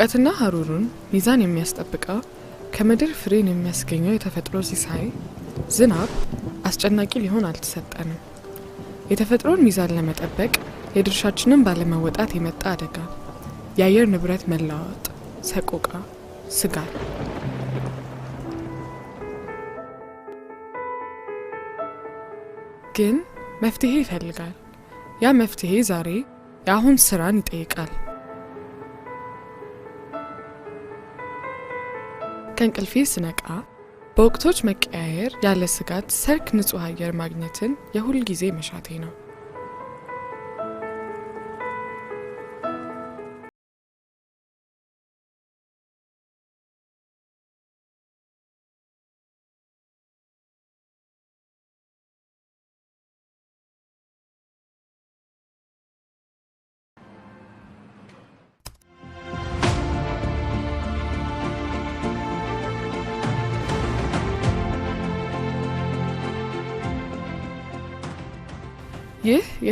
ሙቀትና ሀሩሩን ሚዛን የሚያስጠብቀው ከምድር ፍሬን የሚያስገኘው የተፈጥሮ ሲሳይ ዝናብ አስጨናቂ ሊሆን አልተሰጠንም። የተፈጥሮን ሚዛን ለመጠበቅ የድርሻችንን ባለመወጣት የመጣ አደጋ፣ የአየር ንብረት መለዋወጥ፣ ሰቆቃ፣ ስጋት ግን መፍትሄ ይፈልጋል። ያ መፍትሄ ዛሬ የአሁን ስራን ይጠይቃል። ከእንቅልፌ ስነቃ በወቅቶች መቀያየር ያለ ስጋት ሰርክ ንጹህ አየር ማግኘትን የሁል ጊዜ መሻቴ ነው።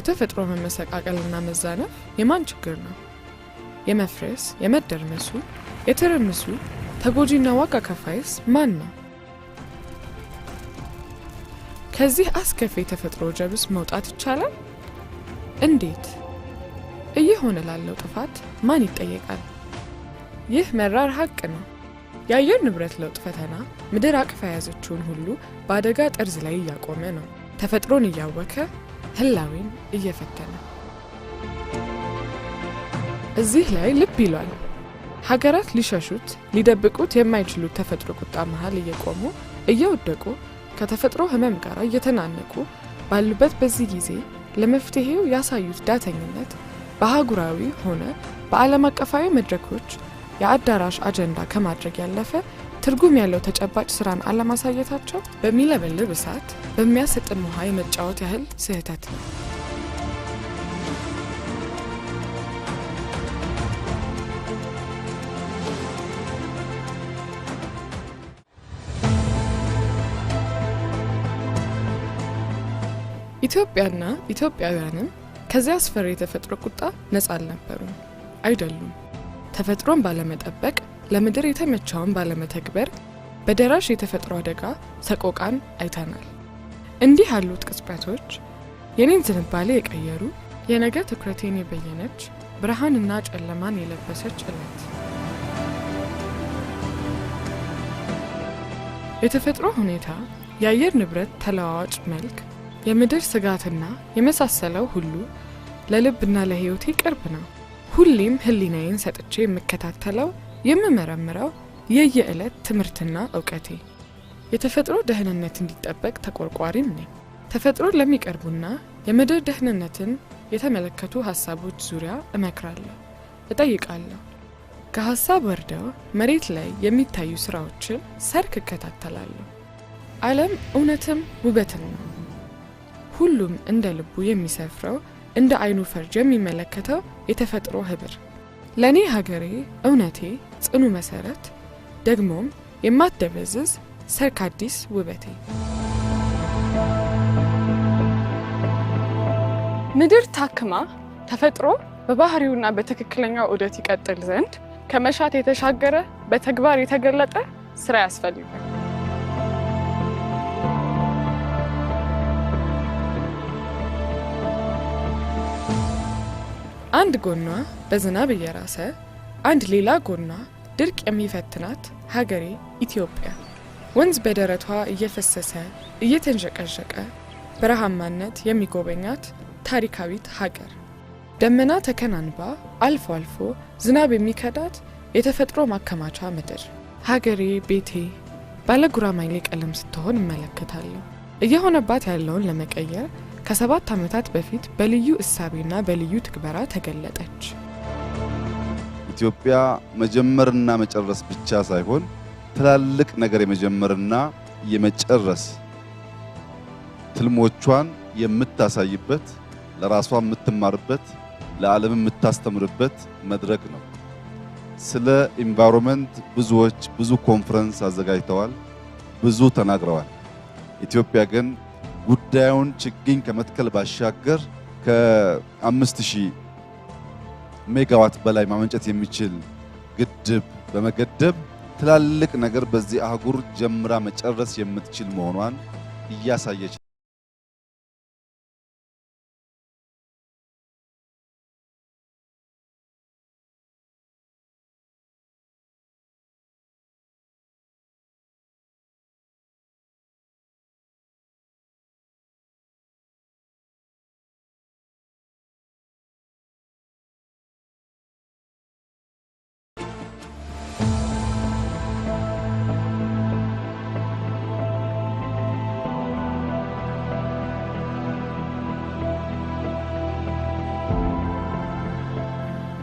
የተፈጥሮ መመሰቃቀልና መዛነፍ የማን ችግር ነው? የመፍረስ የመደርመሱ የትርምሱ ተጎጂና ዋጋ ከፋይስ ማን ነው? ከዚህ አስከፊ የተፈጥሮ ጀብስ መውጣት ይቻላል? እንዴት? እየሆነ ላለው ጥፋት ማን ይጠየቃል? ይህ መራር ሀቅ ነው። የአየር ንብረት ለውጥ ፈተና ምድር አቅፋ የያዘችውን ሁሉ በአደጋ ጠርዝ ላይ እያቆመ ነው። ተፈጥሮን እያወከ ህላዌን እየፈተነ እዚህ ላይ ልብ ይሏል። ሀገራት ሊሸሹት ሊደብቁት የማይችሉት ተፈጥሮ ቁጣ መሀል እየቆሙ እየወደቁ ከተፈጥሮ ህመም ጋር እየተናነቁ ባሉበት በዚህ ጊዜ ለመፍትሄው ያሳዩት ዳተኝነት በአህጉራዊ ሆነ በዓለም አቀፋዊ መድረኮች የአዳራሽ አጀንዳ ከማድረግ ያለፈ ትርጉም ያለው ተጨባጭ ስራን አለማሳየታቸው በሚለበልብ እሳት በሚያሰጥን ውሃ የመጫወት ያህል ስህተት ነው። ኢትዮጵያና ኢትዮጵያውያንም ከዚያ አስፈሪ የተፈጥሮ ቁጣ ነፃ አልነበሩም፣ አይደሉም። ተፈጥሮን ባለመጠበቅ ለምድር የተመቸውን ባለመተግበር በደራሽ የተፈጥሮ አደጋ ሰቆቃን አይተናል። እንዲህ ያሉት ቅጽበቶች የኔን ዝንባሌ የቀየሩ የነገ ትኩረቴን የበየነች ብርሃንና ጨለማን የለበሰች ዕለት የተፈጥሮ ሁኔታ፣ የአየር ንብረት ተለዋዋጭ መልክ፣ የምድር ስጋትና የመሳሰለው ሁሉ ለልብና ለሕይወቴ ቅርብ ነው። ሁሌም ሕሊናዬን ሰጥቼ የምከታተለው የምመረምረው የየዕለት ትምህርትና እውቀቴ። የተፈጥሮ ደህንነት እንዲጠበቅ ተቆርቋሪም ነኝ። ተፈጥሮ ለሚቀርቡና የምድር ደህንነትን የተመለከቱ ሀሳቦች ዙሪያ እመክራለሁ፣ እጠይቃለሁ። ከሀሳብ ወርደው መሬት ላይ የሚታዩ ስራዎችን ሰርክ እከታተላለሁ። ዓለም እውነትም ውበትም ነው። ሁሉም እንደ ልቡ የሚሰፍረው እንደ አይኑ ፈርጅ የሚመለከተው የተፈጥሮ ህብር ለእኔ ሀገሬ እውነቴ ጽኑ መሰረት፣ ደግሞም የማትደበዝዝ ሰርካዲስ ውበቴ። ምድር ታክማ ተፈጥሮ በባህሪውና በትክክለኛው ዑደት ይቀጥል ዘንድ ከመሻት የተሻገረ በተግባር የተገለጠ ስራ ያስፈልጋል። አንድ ጎኗ በዝናብ እየራሰ አንድ ሌላ ጎኗ ድርቅ የሚፈትናት ሀገሬ ኢትዮጵያ ወንዝ በደረቷ እየፈሰሰ እየተንዠቀዠቀ በረሃማነት የሚጎበኛት ታሪካዊት ሀገር ደመና ተከናንባ አልፎ አልፎ ዝናብ የሚከዳት የተፈጥሮ ማከማቻ ምድር ሀገሬ ቤቴ ባለ ጉራማይሌ ቀለም ስትሆን እመለከታለሁ። እየሆነባት ያለውን ለመቀየር ከሰባት ዓመታት በፊት በልዩ እሳቤና በልዩ ትግበራ ተገለጠች። ኢትዮጵያ መጀመርና መጨረስ ብቻ ሳይሆን ትላልቅ ነገር የመጀመርና የመጨረስ ትልሞቿን የምታሳይበት ለራሷ የምትማርበት ለዓለም የምታስተምርበት መድረክ ነው። ስለ ኢንቫይሮንመንት ብዙዎች ብዙ ኮንፈረንስ አዘጋጅተዋል፣ ብዙ ተናግረዋል። ኢትዮጵያ ግን ጉዳዩን ችግኝ ከመትከል ባሻገር ከአምስት ሺህ ሜጋዋት በላይ ማመንጨት የሚችል ግድብ በመገደብ ትላልቅ ነገር በዚህ አህጉር ጀምራ መጨረስ የምትችል መሆኗን እያሳየች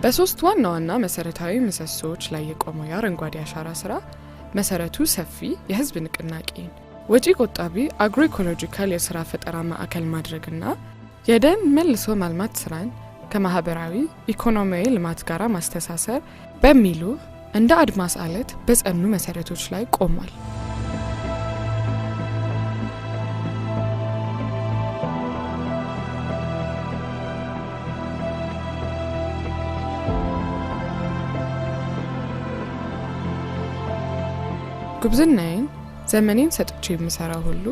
በሶስት ዋና ዋና መሰረታዊ ምሰሶዎች ላይ የቆመው የአረንጓዴ አሻራ ስራ መሰረቱ ሰፊ የህዝብ ንቅናቄን ወጪ ቆጣቢ አግሮ ኢኮሎጂካል የስራ ፈጠራ ማዕከል ማድረግና የደን መልሶ ማልማት ስራን ከማህበራዊ ኢኮኖሚያዊ ልማት ጋር ማስተሳሰር በሚሉ እንደ አድማስ አለት በጸኑ መሰረቶች ላይ ቆሟል። ጉብዝናዬን ዘመኔን ሰጥቼ የምሰራ ሁሉ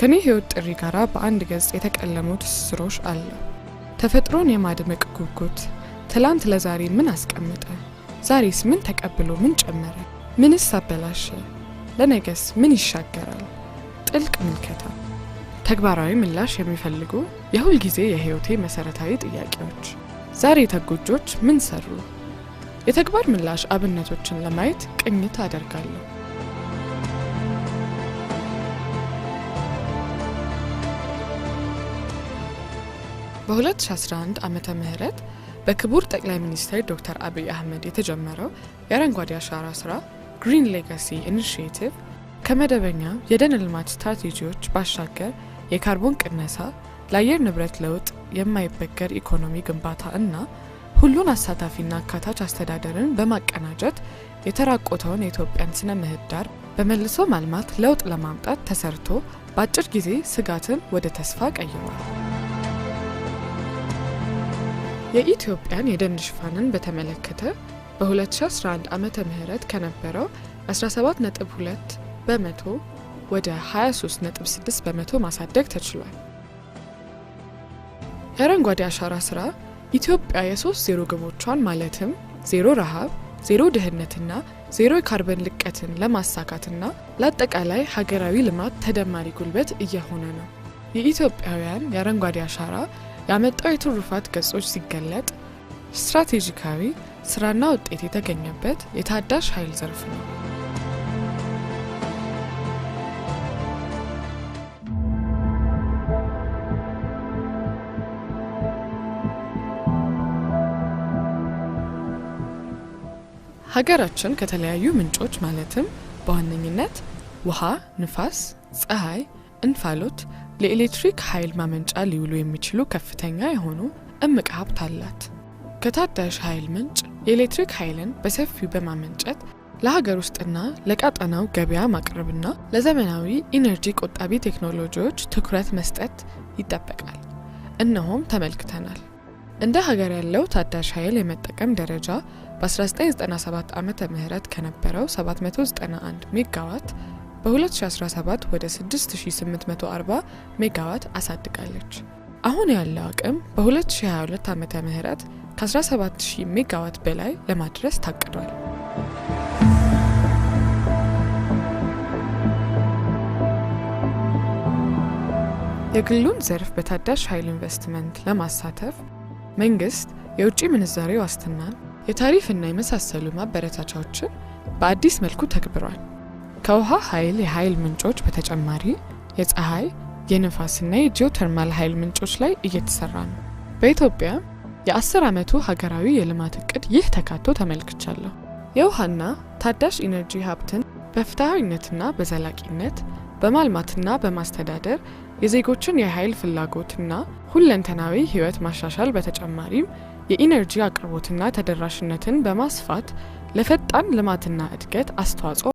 ከኔ ህይወት ጥሪ ጋር በአንድ ገጽ የተቀለሙ ትስስሮች አለ። ተፈጥሮን የማድመቅ ጉጉት ትላንት ለዛሬ ምን አስቀመጠ? ዛሬስ ምን ተቀብሎ ምን ጨመረ? ምንስ አበላሸ? ለነገስ ምን ይሻገራል? ጥልቅ ምልከታ ተግባራዊ ምላሽ የሚፈልጉ የሁል ጊዜ የህይወቴ መሰረታዊ ጥያቄዎች። ዛሬ ተጎጆች ምን ሰሩ? የተግባር ምላሽ አብነቶችን ለማየት ቅኝት አደርጋለሁ። በ2011 ዓመተ ምህረት በክቡር ጠቅላይ ሚኒስትር ዶክተር አብይ አህመድ የተጀመረው የአረንጓዴ አሻራ ስራ ግሪን ሌጋሲ ኢኒሽቲቭ ከመደበኛ የደን ልማት ስትራቴጂዎች ባሻገር የካርቦን ቅነሳ፣ ለአየር ንብረት ለውጥ የማይበገር ኢኮኖሚ ግንባታ እና ሁሉን አሳታፊና አካታች አስተዳደርን በማቀናጀት የተራቆተውን የኢትዮጵያን ስነ ምህዳር በመልሶ ማልማት ለውጥ ለማምጣት ተሰርቶ በአጭር ጊዜ ስጋትን ወደ ተስፋ ቀይሯል። የኢትዮጵያን የደን ሽፋንን በተመለከተ በ2011 ዓ ም ከነበረው 17.2 በመቶ ወደ 23.6 በመቶ ማሳደግ ተችሏል። የአረንጓዴ አሻራ ስራ ኢትዮጵያ የሶስት ዜሮ ግቦቿን ማለትም ዜሮ ረሃብ፣ ዜሮ ድህነትና ዜሮ የካርበን ልቀትን ለማሳካትና ለአጠቃላይ ሀገራዊ ልማት ተደማሪ ጉልበት እየሆነ ነው። የኢትዮጵያውያን የአረንጓዴ አሻራ ያመጣው የትሩፋት ገጾች ሲገለጥ ስትራቴጂካዊ ስራና ውጤት የተገኘበት የታዳሽ ኃይል ዘርፍ ነው። ሀገራችን ከተለያዩ ምንጮች ማለትም በዋነኝነት ውሃ፣ ንፋስ፣ ፀሐይ፣ እንፋሎት ለኤሌክትሪክ ኃይል ማመንጫ ሊውሉ የሚችሉ ከፍተኛ የሆኑ እምቅ ሀብት አላት። ከታዳሽ ኃይል ምንጭ የኤሌክትሪክ ኃይልን በሰፊው በማመንጨት ለሀገር ውስጥና ለቀጠናው ገበያ ማቅረብና ለዘመናዊ ኢነርጂ ቆጣቢ ቴክኖሎጂዎች ትኩረት መስጠት ይጠበቃል። እነሆም ተመልክተናል። እንደ ሀገር ያለው ታዳሽ ኃይል የመጠቀም ደረጃ በ1997 ዓ ም ከነበረው 791 ሜጋዋት በ2017 ወደ 6840 ሜጋዋት አሳድጋለች። አሁን ያለው አቅም በ2022 ዓመተ ምህረት ከ17000 ሜጋዋት በላይ ለማድረስ ታቅዷል። የግሉን ዘርፍ በታዳሽ ኃይል ኢንቨስትመንት ለማሳተፍ መንግስት የውጭ ምንዛሬ ዋስትናን፣ የታሪፍና የመሳሰሉ ማበረታቻዎችን በአዲስ መልኩ ተግብሯል። ከውሃ ኃይል የኃይል ምንጮች በተጨማሪ የፀሐይ፣ የንፋስና የጂኦተርማል ኃይል ምንጮች ላይ እየተሰራ ነው። በኢትዮጵያ የ10 ዓመቱ ሀገራዊ የልማት እቅድ ይህ ተካቶ ተመልክቻለሁ። የውሃና ታዳሽ ኢነርጂ ሀብትን በፍትሐዊነትና በዘላቂነት በማልማትና በማስተዳደር የዜጎችን የኃይል ፍላጎትና ሁለንተናዊ ሕይወት ማሻሻል በተጨማሪም የኢነርጂ አቅርቦትና ተደራሽነትን በማስፋት ለፈጣን ልማትና እድገት አስተዋጽኦ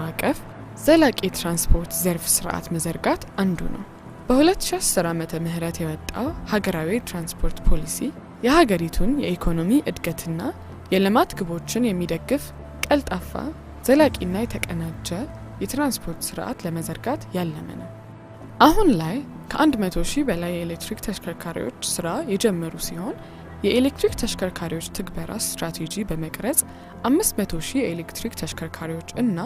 ማዕቀፍ ዘላቂ የትራንስፖርት ዘርፍ ስርዓት መዘርጋት አንዱ ነው። በ2010 ዓመተ ምህረት የወጣው ሀገራዊ ትራንስፖርት ፖሊሲ የሀገሪቱን የኢኮኖሚ እድገትና የልማት ግቦችን የሚደግፍ ቀልጣፋ፣ ዘላቂና የተቀናጀ የትራንስፖርት ስርዓት ለመዘርጋት ያለመ ነው። አሁን ላይ ከ100 ሺህ በላይ የኤሌክትሪክ ተሽከርካሪዎች ስራ የጀመሩ ሲሆን የኤሌክትሪክ ተሽከርካሪዎች ትግበራ ስትራቴጂ በመቅረጽ 500,000 የኤሌክትሪክ ተሽከርካሪዎች እና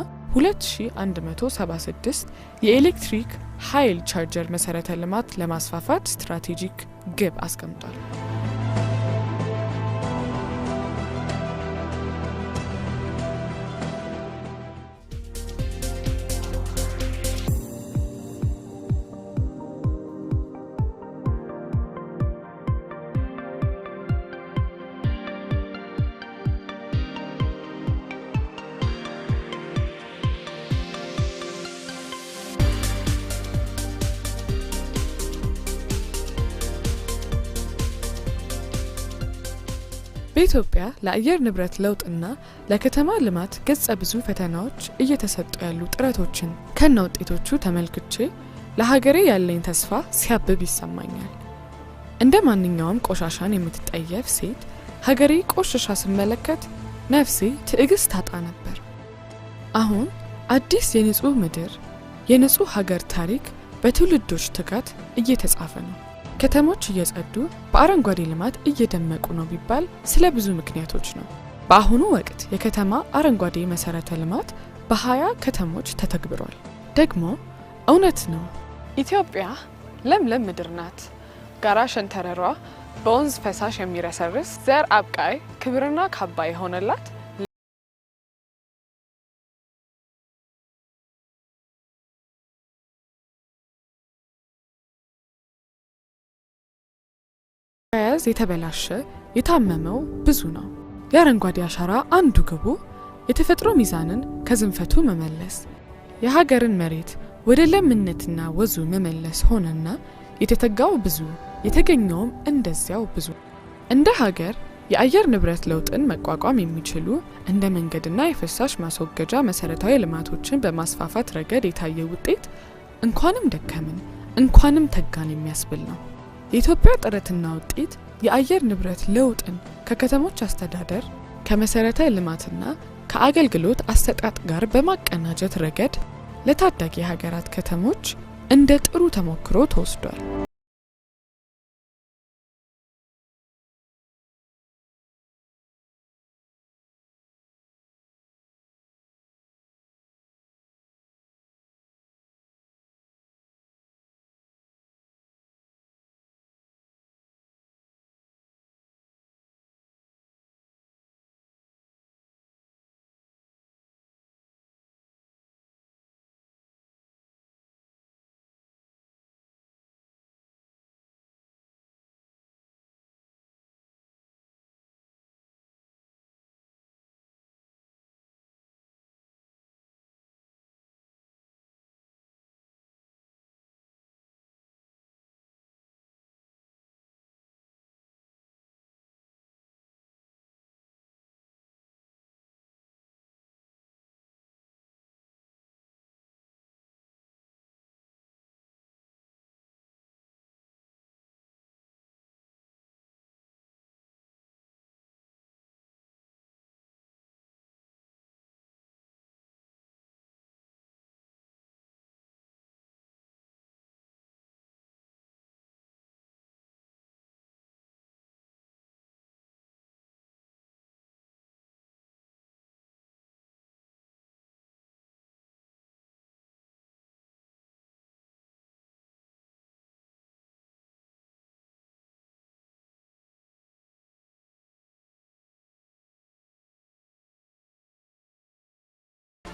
2176 የኤሌክትሪክ ኃይል ቻርጀር መሰረተ ልማት ለማስፋፋት ስትራቴጂክ ግብ አስቀምጧል። በኢትዮጵያ ለአየር ንብረት ለውጥና ለከተማ ልማት ገጸ ብዙ ፈተናዎች እየተሰጡ ያሉ ጥረቶችን ከነ ውጤቶቹ ተመልክቼ ለሀገሬ ያለኝ ተስፋ ሲያብብ ይሰማኛል። እንደ ማንኛውም ቆሻሻን የምትጠየፍ ሴት ሀገሬ ቆሻሻ ስመለከት ነፍሴ ትዕግስት ታጣ ነበር። አሁን አዲስ የንጹህ ምድር የንጹህ ሀገር ታሪክ በትውልዶች ትጋት እየተጻፈ ነው። ከተሞች እየጸዱ በአረንጓዴ ልማት እየደመቁ ነው ቢባል ስለ ብዙ ምክንያቶች ነው። በአሁኑ ወቅት የከተማ አረንጓዴ መሰረተ ልማት በሀያ ከተሞች ተተግብሯል። ደግሞ እውነት ነው። ኢትዮጵያ ለምለም ምድር ናት። ጋራ ሸንተረሯ በወንዝ ፈሳሽ የሚረሰርስ ዘር አብቃይ ክብርና ካባ የሆነላት የበለዝ የተበላሸ የታመመው ብዙ ነው። የአረንጓዴ አሻራ አንዱ ግቡ የተፈጥሮ ሚዛንን ከዝንፈቱ መመለስ፣ የሀገርን መሬት ወደ ለምነትና ወዙ መመለስ ሆነና የተተጋው ብዙ የተገኘውም እንደዚያው ብዙ። እንደ ሀገር የአየር ንብረት ለውጥን መቋቋም የሚችሉ እንደ መንገድና የፍሳሽ ማስወገጃ መሰረታዊ ልማቶችን በማስፋፋት ረገድ የታየ ውጤት እንኳንም ደከምን እንኳንም ተጋን የሚያስብል ነው። የኢትዮጵያ ጥረትና ውጤት የአየር ንብረት ለውጥን ከከተሞች አስተዳደር ከመሰረተ ልማትና ከአገልግሎት አሰጣጥ ጋር በማቀናጀት ረገድ ለታዳጊ ሀገራት ከተሞች እንደ ጥሩ ተሞክሮ ተወስዷል።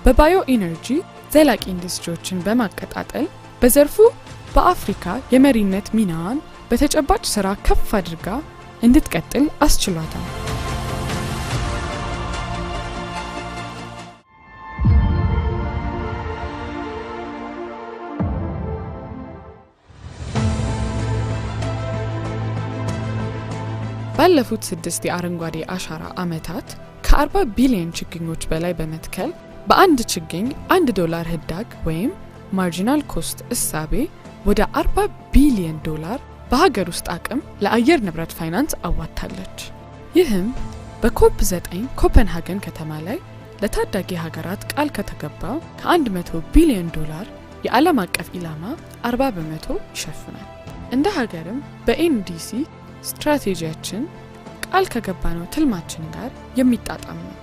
በባዮ ኢነርጂ ዘላቂ ኢንዱስትሪዎችን በማቀጣጠል በዘርፉ በአፍሪካ የመሪነት ሚናዋን በተጨባጭ ስራ ከፍ አድርጋ እንድትቀጥል አስችሏታል። ባለፉት ስድስት የአረንጓዴ አሻራ ዓመታት ከ40 ቢሊዮን ችግኞች በላይ በመትከል በአንድ ችግኝ አንድ ዶላር ህዳግ ወይም ማርጂናል ኮስት እሳቤ ወደ 40 ቢሊዮን ዶላር በሀገር ውስጥ አቅም ለአየር ንብረት ፋይናንስ አዋታለች። ይህም በኮፕ 9 ኮፐንሃገን ከተማ ላይ ለታዳጊ ሀገራት ቃል ከተገባው ከ100 ቢሊዮን ዶላር የዓለም አቀፍ ኢላማ 40 በመቶ ይሸፍናል። እንደ ሀገርም በኤንዲሲ ስትራቴጂያችን ቃል ከገባነው ትልማችን ጋር የሚጣጣም ነው።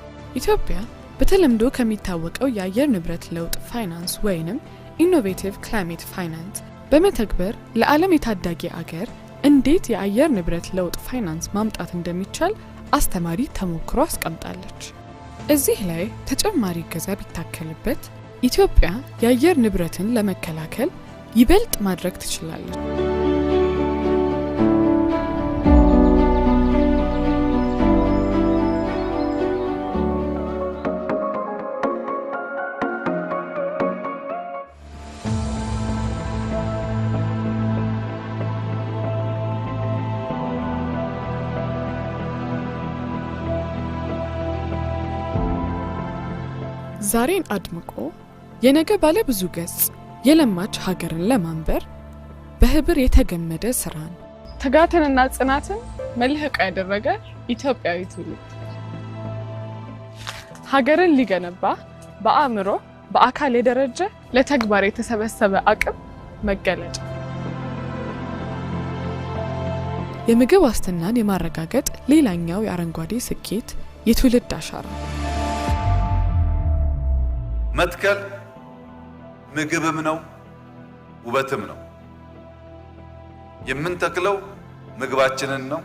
ኢትዮጵያ በተለምዶ ከሚታወቀው የአየር ንብረት ለውጥ ፋይናንስ ወይንም ኢኖቬቲቭ ክላይሜት ፋይናንስ በመተግበር ለዓለም የታዳጊ አገር እንዴት የአየር ንብረት ለውጥ ፋይናንስ ማምጣት እንደሚቻል አስተማሪ ተሞክሮ አስቀምጣለች። እዚህ ላይ ተጨማሪ ገዛ ቢታከልበት ኢትዮጵያ የአየር ንብረትን ለመከላከል ይበልጥ ማድረግ ትችላለች። ዛሬን አድምቆ የነገ ባለ ብዙ ገጽ የለማች ሀገርን ለማንበር በህብር የተገመደ ስራን ትጋትንና ጽናትን መልህቅ ያደረገ ኢትዮጵያዊ ትውልድ ሀገርን ሊገነባ በአእምሮ በአካል የደረጀ ለተግባር የተሰበሰበ አቅም መገለጫ የምግብ ዋስትናን የማረጋገጥ ሌላኛው የአረንጓዴ ስኬት የትውልድ አሻራ መትከል ምግብም ነው፣ ውበትም ነው። የምንተክለው ምግባችንን ነው።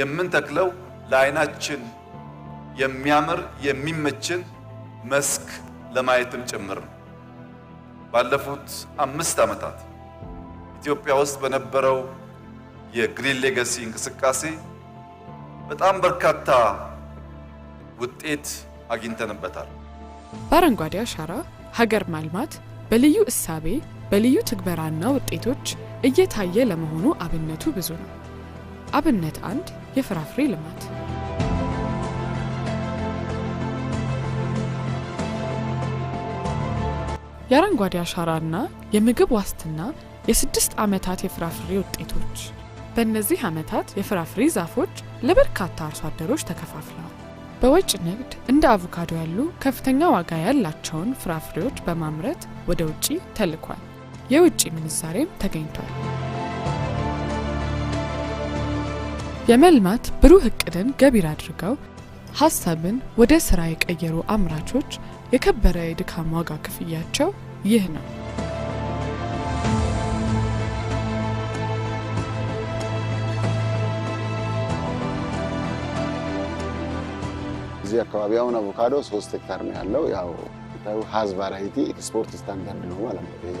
የምንተክለው ለአይናችን የሚያምር የሚመችን መስክ ለማየትም ጭምር ነው። ባለፉት አምስት ዓመታት ኢትዮጵያ ውስጥ በነበረው የግሪን ሌጋሲ እንቅስቃሴ በጣም በርካታ ውጤት አግኝተንበታል። በአረንጓዴ አሻራ ሀገር ማልማት በልዩ እሳቤ በልዩ ትግበራና ውጤቶች እየታየ ለመሆኑ አብነቱ ብዙ ነው። አብነት አንድ የፍራፍሬ ልማት የአረንጓዴ አሻራና የምግብ ዋስትና የስድስት ዓመታት የፍራፍሬ ውጤቶች። በእነዚህ ዓመታት የፍራፍሬ ዛፎች ለበርካታ አርሶ አደሮች ተከፋፍለዋል። በወጭ ንግድ እንደ አቮካዶ ያሉ ከፍተኛ ዋጋ ያላቸውን ፍራፍሬዎች በማምረት ወደ ውጭ ተልኳል። የውጭ ምንዛሬም ተገኝቷል። የመልማት ብሩህ እቅድን ገቢር አድርገው ሀሳብን ወደ ስራ የቀየሩ አምራቾች የከበረ የድካም ዋጋ ክፍያቸው ይህ ነው። እዚህ አካባቢ አሁን አቮካዶ ሶስት ሄክታር ነው ያለው። ያው ሀዝ ቫራይቲ ኤክስፖርት ስታንዳርድ ነው ማለት ነው።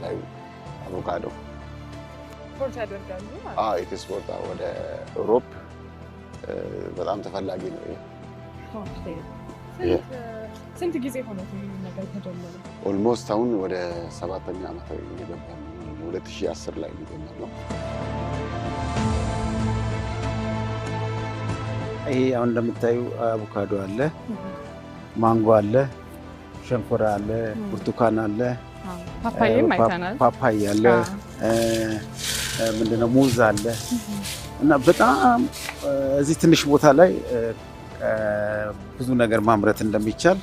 ታዩ አቮካዶ ኤክስፖርት ወደ ሮፕ በጣም ተፈላጊ ነው። ስንት ጊዜ ሆነ ነገር ተጀመረ? ኦልሞስት አሁን ወደ ሰባተኛ ዓመት የገባ ነው። 2010 ላይ ነው ይሄ አሁን እንደምታዩ አቮካዶ አለ፣ ማንጎ አለ፣ ሸንኮራ አለ፣ ብርቱካን አለ፣ ፓፓያ አለ፣ ምንድነው ሙዝ አለ እና በጣም እዚህ ትንሽ ቦታ ላይ ብዙ ነገር ማምረት እንደሚቻል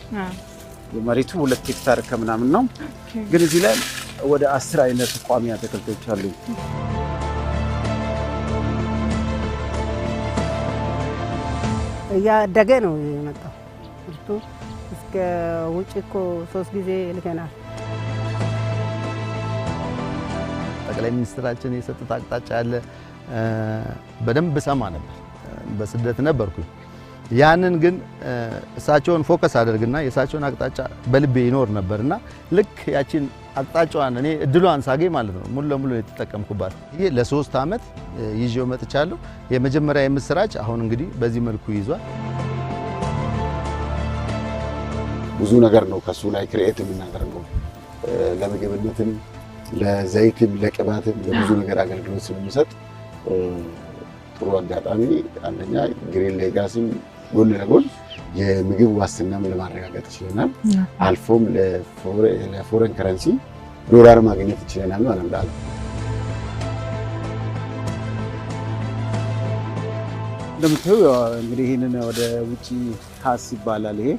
መሬቱ ሁለት ሄክታር ከምናምን ነው፣ ግን እዚህ ላይ ወደ አስር አይነት ቋሚ አትክልቶች አሉ። እያደገ ነው የመጣው ምርቱ። እስከ ውጭ እኮ ሶስት ጊዜ ልከናል። ጠቅላይ ሚኒስትራችን የሰጡት አቅጣጫ ያለ በደንብ ሰማ ነበር። በስደት ነበርኩኝ። ያንን ግን እሳቸውን ፎከስ አደርግና የእሳቸውን አቅጣጫ በልቤ ይኖር ነበርና ልክ ያችን አቅጣጫዋን እኔ እድሏን ሳገኝ ማለት ነው ሙሉ ለሙሉ የተጠቀምኩባት። ይህ ለሶስት ዓመት ይዤው መጥቻለሁ። የመጀመሪያ የምስራች አሁን እንግዲህ በዚህ መልኩ ይዟል። ብዙ ነገር ነው ከሱ ላይ ክርኤት የምናደርገው ለምግብነትም፣ ለዘይትም፣ ለቅባትም ለብዙ ነገር አገልግሎት ስለሚሰጥ ጥሩ አጋጣሚ አንደኛ ግሪን ሌጋሲም ጎን ለጎን የምግብ ዋስትናም ለማረጋገጥ ይችለናል። አልፎም ለፎረን ከረንሲ ዶላር ማግኘት ይችለናል ማለት ነው። እንደምታዩ እንግዲህ ይህንን ወደ ውጭ ሀስ ይባላል። ይሄ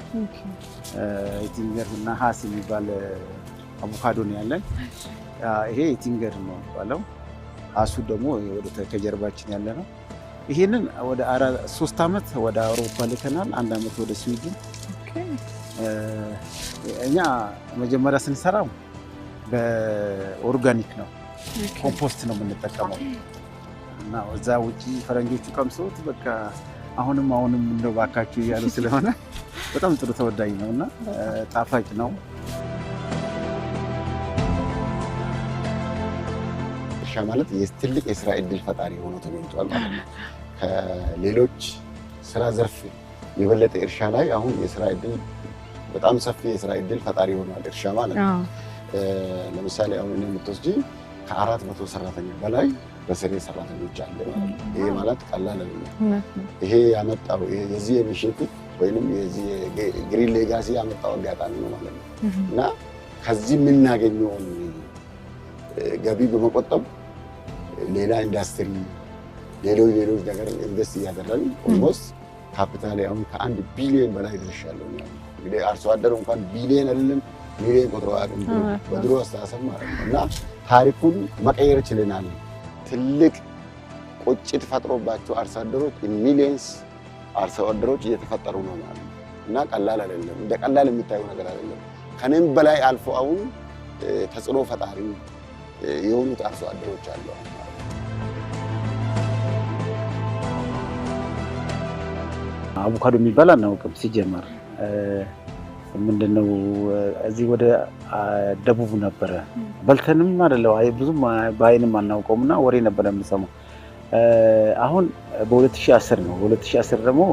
የቲንገር እና ሀስ የሚባል አቮካዶ ነው ያለን። ይሄ የቲንገር ነው የሚባለው። ሀሱ ደግሞ ከጀርባችን ያለ ነው። ይሄንን ወደ ሶስት ዓመት ወደ አውሮፓ ልከናል። አንድ ዓመት ወደ ስዊድን። እኛ መጀመሪያ ስንሰራው በኦርጋኒክ ነው፣ ኮምፖስት ነው የምንጠቀመው እና እዛ ውጭ ፈረንጆቹ ቀምሰውት በቃ አሁንም አሁንም እንደው ባካችሁ እያሉ ስለሆነ በጣም ጥሩ ተወዳጅ ነው እና ጣፋጭ ነው። አበሻ ማለት ትልቅ የስራ እድል ፈጣሪ ሆኖ ተገኝቷል ማለት ነው። ከሌሎች ስራ ዘርፍ የበለጠ እርሻ ላይ አሁን የስራ እድል በጣም ሰፊ የስራ እድል ፈጣሪ ሆኗል እርሻ ማለት ነው። ለምሳሌ አሁን የምትወስጂ ከአራት መቶ ሰራተኛ በላይ በስሬ ሰራተኞች አለ ማለት ነው። ይሄ ማለት ቀላል አይደለም። ይሄ ያመጣው የዚህ ኢኒሼቲቭ ወይም የዚህ ግሪን ሌጋሲ ያመጣው አጋጣሚ ነው ማለት ነው እና ከዚህ የምናገኘውን ገቢ በመቆጠብ ሌላ ኢንዱስትሪ፣ ሌሎች ሌሎች ነገር ኢንቨስት እያደረግን ኦልሞስት ካፒታል አሁን ከአንድ ቢሊዮን በላይ ደርሻለሁ። እንግዲህ አርሶ አደሩ እንኳን ቢሊዮን አይደለም ሚሊዮን ቁጥሩ አቅም በድሮ አስተሳሰብ ማለት ነው። እና ታሪኩን መቀየር ችለናል። ትልቅ ቁጭት ፈጥሮባቸው አርሶ አደሮች ሚሊዮንስ አርሶ አደሮች እየተፈጠሩ ነው ማለት ነው። እና ቀላል አይደለም፣ እንደ ቀላል የሚታዩ ነገር አይደለም። ከኔም በላይ አልፎ አሁን ተጽዕኖ ፈጣሪ የሆኑት አርሶ አደሮች አሉ። አቮካዶ የሚባል አናውቅም ሲጀመር ምንድነው እዚህ ወደ ደቡብ ነበረ በልተንም አደለው ብዙም በአይንም አናውቀውም እና ወሬ ነበረ የምንሰማው። አሁን በ2010 ነው። በ2010 ደግሞ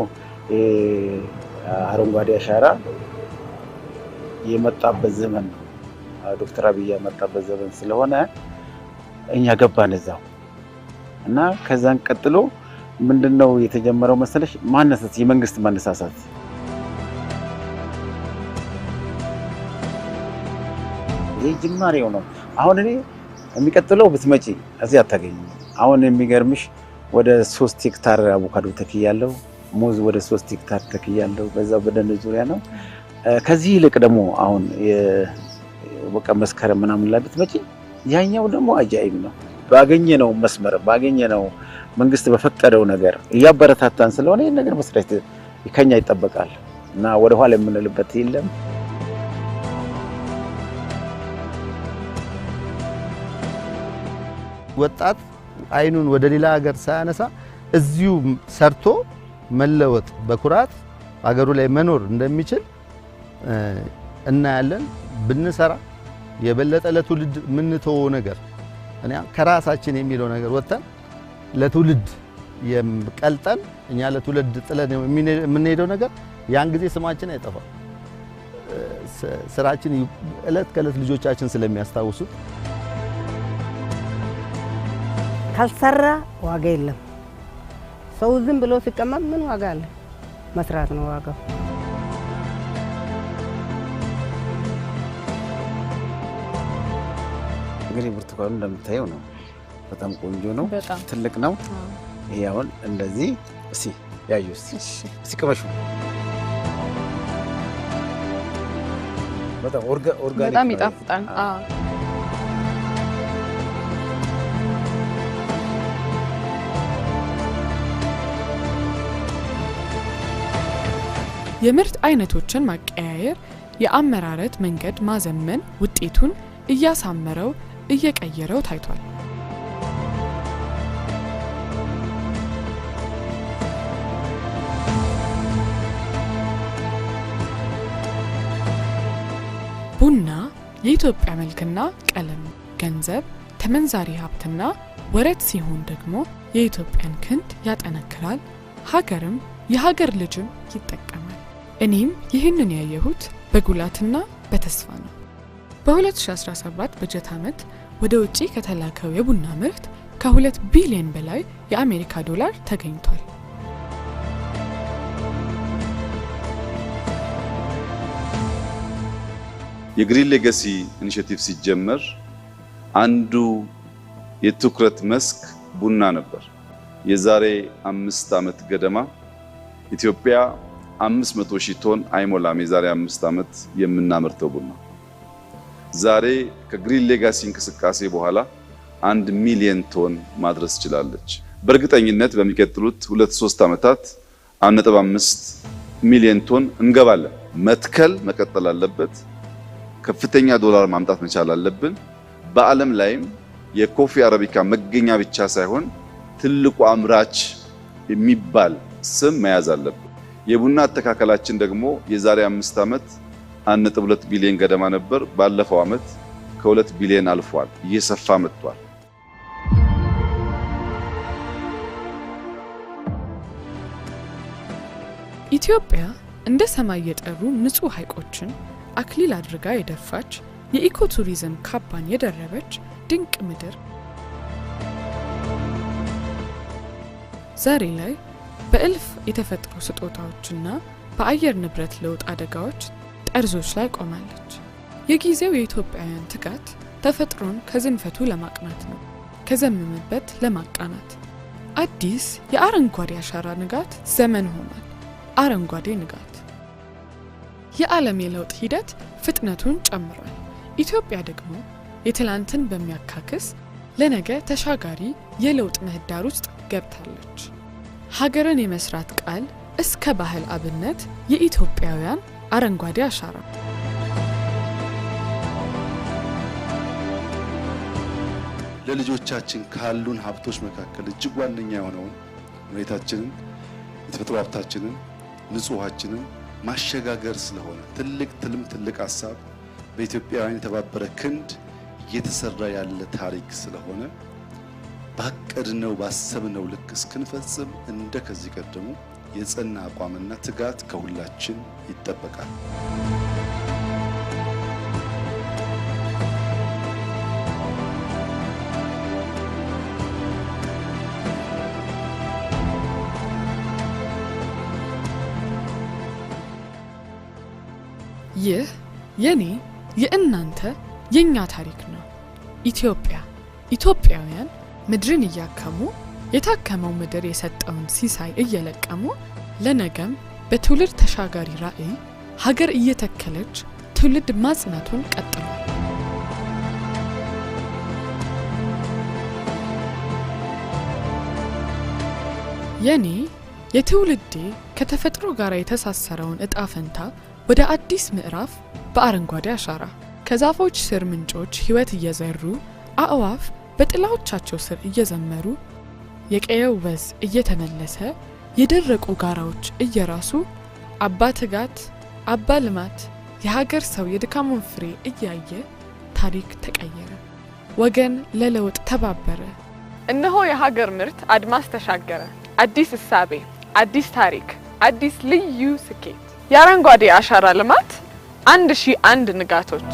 አረንጓዴ አሻራ የመጣበት ዘመን ነው። ዶክተር አብይ የመጣበት ዘመን ስለሆነ እኛ ገባን እዛው እና ከዛን ቀጥሎ ምንድነው የተጀመረው መሰለሽ ማነሳት የመንግስት ማነሳሳት ይህ ጅማሬው ነው። አሁን እኔ የሚቀጥለው ብትመጪ እዚህ አታገኝ። አሁን የሚገርምሽ ወደ ሶስት ሄክታር አቮካዶ ተክያለው፣ ሙዝ ወደ ሶስት ሄክታር ተክያለው፣ በዛ በደን ዙሪያ ነው። ከዚህ ይልቅ ደግሞ አሁን በቃ መስከረም ምናምን ላይ ብትመጪ ያኛው ደግሞ አጃይብ ነው። ባገኘ ነው መስመር ባገኘ ነው መንግስት በፈቀደው ነገር እያበረታታን ስለሆነ ይህን ነገር መስራት ከኛ ይጠበቃል እና ወደኋላ የምንልበት የለም። ወጣት አይኑን ወደ ሌላ ሀገር ሳያነሳ እዚሁ ሰርቶ መለወጥ በኩራት ሀገሩ ላይ መኖር እንደሚችል እናያለን። ብንሰራ የበለጠ ለትውልድ ምንተወው ነገር እኔ ከራሳችን የሚለው ነገር ወጥተን ለትውልድ ቀልጠን እኛ ለትውልድ ጥለን የምንሄደው ነገር ያን ጊዜ ስማችን አይጠፋም። ስራችን እለት ከእለት ልጆቻችን ስለሚያስታውሱት ካልሰራ ዋጋ የለም። ሰው ዝም ብሎ ሲቀመጥ ምን ዋጋ አለ? መስራት ነው ዋጋው። እንግዲህ ብርቱካኑ እንደምታየው ነው። በጣም ቆንጆ ነው። ትልቅ ነው። ይሄ አሁን እንደዚህ እስኪ ያዩ እስኪ ቅመሹ። በጣም ኦርጋኒክ በጣም ይጣፍጣል። የምርት አይነቶችን ማቀያየር፣ የአመራረት መንገድ ማዘመን ውጤቱን እያሳመረው እየቀየረው ታይቷል። የኢትዮጵያ መልክና ቀለም ገንዘብ ተመንዛሪ ሀብትና ወረት ሲሆን ደግሞ የኢትዮጵያን ክንድ ያጠነክራል፣ ሀገርም የሀገር ልጅም ይጠቀማል። እኔም ይህንን ያየሁት በጉላትና በተስፋ ነው። በ2017 በጀት ዓመት ወደ ውጪ ከተላከው የቡና ምርት ከ2 ቢሊዮን በላይ የአሜሪካ ዶላር ተገኝቷል። የግሪን ሌጋሲ ኢኒሼቲቭ ሲጀመር አንዱ የትኩረት መስክ ቡና ነበር። የዛሬ አምስት ዓመት ገደማ ኢትዮጵያ 500 ሺህ ቶን አይሞላም የዛሬ አምስት ዓመት የምናመርተው ቡና ዛሬ ከግሪን ሌጋሲ እንቅስቃሴ በኋላ አንድ ሚሊየን ቶን ማድረስ ችላለች። በእርግጠኝነት በሚቀጥሉት ሁለት ሶስት ዓመታት አምስት ሚሊየን ቶን እንገባለን። መትከል መቀጠል አለበት። ከፍተኛ ዶላር ማምጣት መቻል አለብን። በዓለም ላይም የኮፊ አረቢካ መገኛ ብቻ ሳይሆን ትልቁ አምራች የሚባል ስም መያዝ አለብን። የቡና አተካከላችን ደግሞ የዛሬ አምስት ዓመት 1.2 ቢሊዮን ገደማ ነበር። ባለፈው ዓመት ከሁለት ቢሊዮን አልፏል፣ እየሰፋ መጥቷል። ኢትዮጵያ እንደ ሰማይ የጠሩ ንጹህ ሐይቆችን አክሊል አድርጋ የደፋች የኢኮቱሪዝም ካባን የደረበች ድንቅ ምድር ዛሬ ላይ በእልፍ የተፈጥሮ ስጦታዎችና በአየር ንብረት ለውጥ አደጋዎች ጠርዞች ላይ ቆማለች። የጊዜው የኢትዮጵያውያን ትጋት ተፈጥሮን ከዝንፈቱ ለማቅናት ነው፣ ከዘመመበት ለማቃናት። አዲስ የአረንጓዴ አሻራ ንጋት ዘመን ሆኗል። አረንጓዴ ንጋት የዓለም የለውጥ ሂደት ፍጥነቱን ጨምሯል። ኢትዮጵያ ደግሞ የትላንትን በሚያካክስ ለነገ ተሻጋሪ የለውጥ ምህዳር ውስጥ ገብታለች። ሀገርን የመስራት ቃል እስከ ባህል አብነት የኢትዮጵያውያን አረንጓዴ አሻራ ለልጆቻችን ካሉን ሀብቶች መካከል እጅግ ዋነኛ የሆነውን መሬታችንን፣ የተፈጥሮ ሀብታችንን፣ ንጹሃችንን ማሸጋገር ስለሆነ ትልቅ ትልም ትልቅ ሀሳብ በኢትዮጵያውያን የተባበረ ክንድ እየተሰራ ያለ ታሪክ ስለሆነ ባቀድነው ባሰብነው ልክ እስክንፈጽም እንደ ከዚህ ቀደሙ የጸና አቋምና ትጋት ከሁላችን ይጠበቃል። የእኛ ታሪክ ነው። ኢትዮጵያ ኢትዮጵያውያን ምድርን እያከሙ የታከመው ምድር የሰጠውን ሲሳይ እየለቀሙ ለነገም በትውልድ ተሻጋሪ ራዕይ ሀገር እየተከለች ትውልድ ማጽናቱን ቀጥሏል። የኔ የትውልዴ ከተፈጥሮ ጋር የተሳሰረውን እጣ ፈንታ ወደ አዲስ ምዕራፍ በአረንጓዴ አሻራ ከዛፎች ስር ምንጮች ሕይወት እየዘሩ አእዋፍ በጥላዎቻቸው ስር እየዘመሩ የቀየው ወዝ እየተመለሰ የደረቁ ጋራዎች እየራሱ አባ ትጋት አባ ልማት የሀገር ሰው የድካሙን ፍሬ እያየ ታሪክ ተቀየረ። ወገን ለለውጥ ተባበረ። እነሆ የሀገር ምርት አድማስ ተሻገረ። አዲስ እሳቤ፣ አዲስ ታሪክ፣ አዲስ ልዩ ስኬት የአረንጓዴ አሻራ ልማት አንድ ሺህ አንድ ንጋቶች